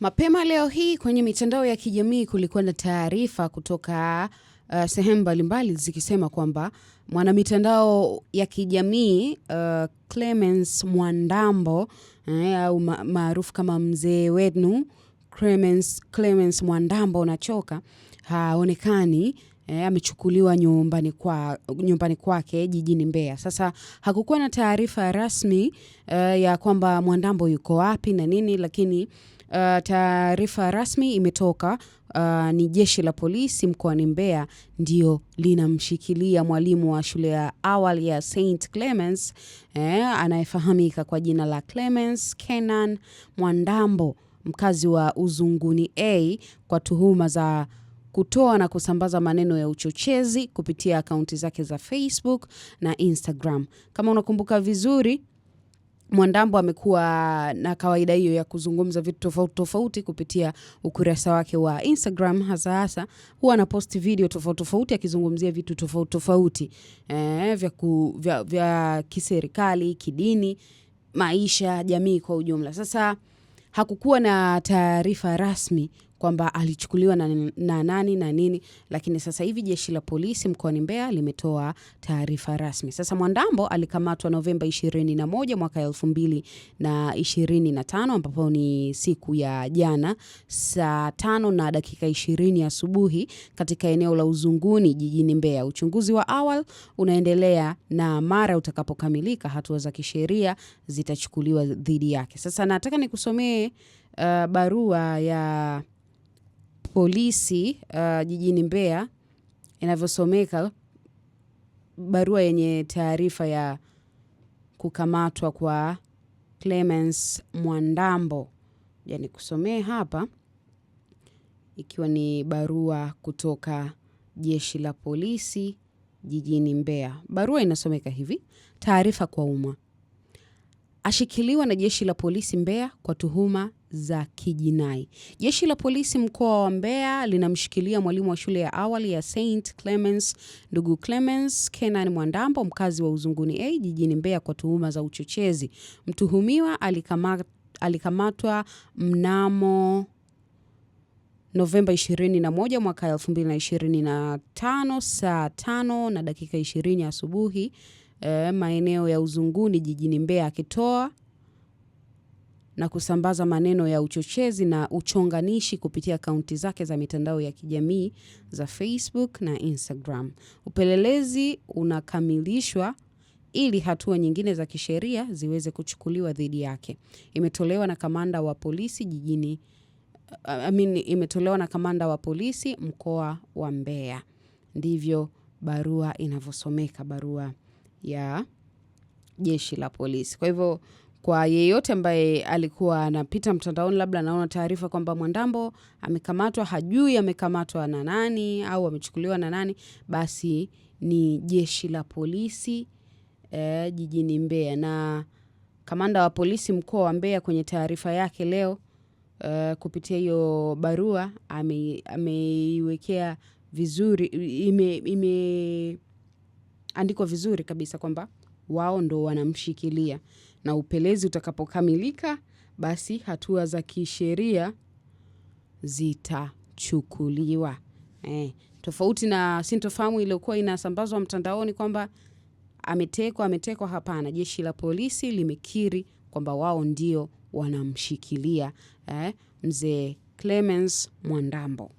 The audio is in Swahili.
Mapema leo hii kwenye mitandao ya kijamii kulikuwa na taarifa kutoka uh, sehemu mbalimbali zikisema kwamba mwanamitandao ya kijamii uh, Clemence Mwandambo eh, au maarufu kama mzee wenu Clemence, Clemence Mwandambo unachoka haonekani E, amechukuliwa nyumbani, kwa, nyumbani kwake jijini Mbeya. Sasa hakukuwa na taarifa rasmi e, ya kwamba Mwandambo yuko wapi na nini, lakini Uh, taarifa rasmi imetoka uh, ni jeshi la polisi mkoani Mbeya ndio linamshikilia mwalimu wa shule ya awali ya St Clemens eh, anayefahamika kwa jina la Clemens Kenan Mwandambo mkazi wa Uzunguni A kwa tuhuma za kutoa na kusambaza maneno ya uchochezi kupitia akaunti zake za Facebook na Instagram. Kama unakumbuka vizuri Mwandambo amekuwa na kawaida hiyo ya kuzungumza vitu tofauti tofauti kupitia ukurasa wake wa Instagram. Hasa hasa huwa anaposti video tofauti tofauti akizungumzia vitu tofauti tofauti eh, vya, ku, vya, vya kiserikali, kidini, maisha, jamii kwa ujumla. Sasa hakukuwa na taarifa rasmi kwamba alichukuliwa na, na nani na nini, lakini sasa hivi jeshi la polisi mkoani Mbeya limetoa taarifa rasmi. Sasa Mwandambo alikamatwa Novemba 21 mwaka 2025 ambapo ni siku ya jana saa tano na dakika 20 asubuhi katika eneo la Uzunguni jijini Mbeya. Uchunguzi wa awal unaendelea na mara utakapokamilika hatua za kisheria zitachukuliwa dhidi yake. Sasa nataka nikusomee uh, barua ya polisi uh, jijini Mbeya inavyosomeka barua yenye taarifa ya kukamatwa kwa Clemens Mwandambo. Yani kusomee hapa ikiwa ni barua kutoka jeshi la polisi jijini Mbeya. Barua inasomeka hivi: taarifa kwa umma ashikiliwa na jeshi la polisi Mbeya kwa tuhuma za kijinai. Jeshi la polisi mkoa wa Mbeya linamshikilia mwalimu wa shule ya awali ya St Clemens, ndugu Clemens Kenan Mwandambo, mkazi wa Uzunguni A jijini Mbeya kwa tuhuma za uchochezi. Mtuhumiwa alikama, alikamatwa mnamo Novemba 21 mwaka 2025 saa 5 na dakika 20 asubuhi e, maeneo ya Uzunguni jijini Mbeya akitoa na kusambaza maneno ya uchochezi na uchonganishi kupitia akaunti zake za mitandao ya kijamii za Facebook na Instagram. Upelelezi unakamilishwa ili hatua nyingine za kisheria ziweze kuchukuliwa dhidi yake. Imetolewa na kamanda wa polisi jijini I mean, imetolewa na kamanda wa polisi mkoa wa Mbeya. Ndivyo barua inavyosomeka barua ya jeshi la polisi. Kwa hivyo kwa yeyote ambaye alikuwa anapita mtandaoni, labda anaona taarifa kwamba Mwandambo amekamatwa, hajui amekamatwa na nani au amechukuliwa na nani, basi ni jeshi la polisi eh, jijini Mbeya. Na kamanda wa polisi mkoa wa Mbeya kwenye taarifa yake leo eh, kupitia hiyo barua ameiwekea ame vizuri ime, ime andikwa vizuri kabisa kwamba wao ndo wanamshikilia, na upelezi utakapokamilika, basi hatua za kisheria zitachukuliwa. Eh, tofauti na sintofahamu iliyokuwa inasambazwa mtandaoni kwamba ametekwa, ametekwa. Hapana, jeshi la polisi limekiri kwamba wao ndio wanamshikilia eh, mzee Clemens Mwandambo.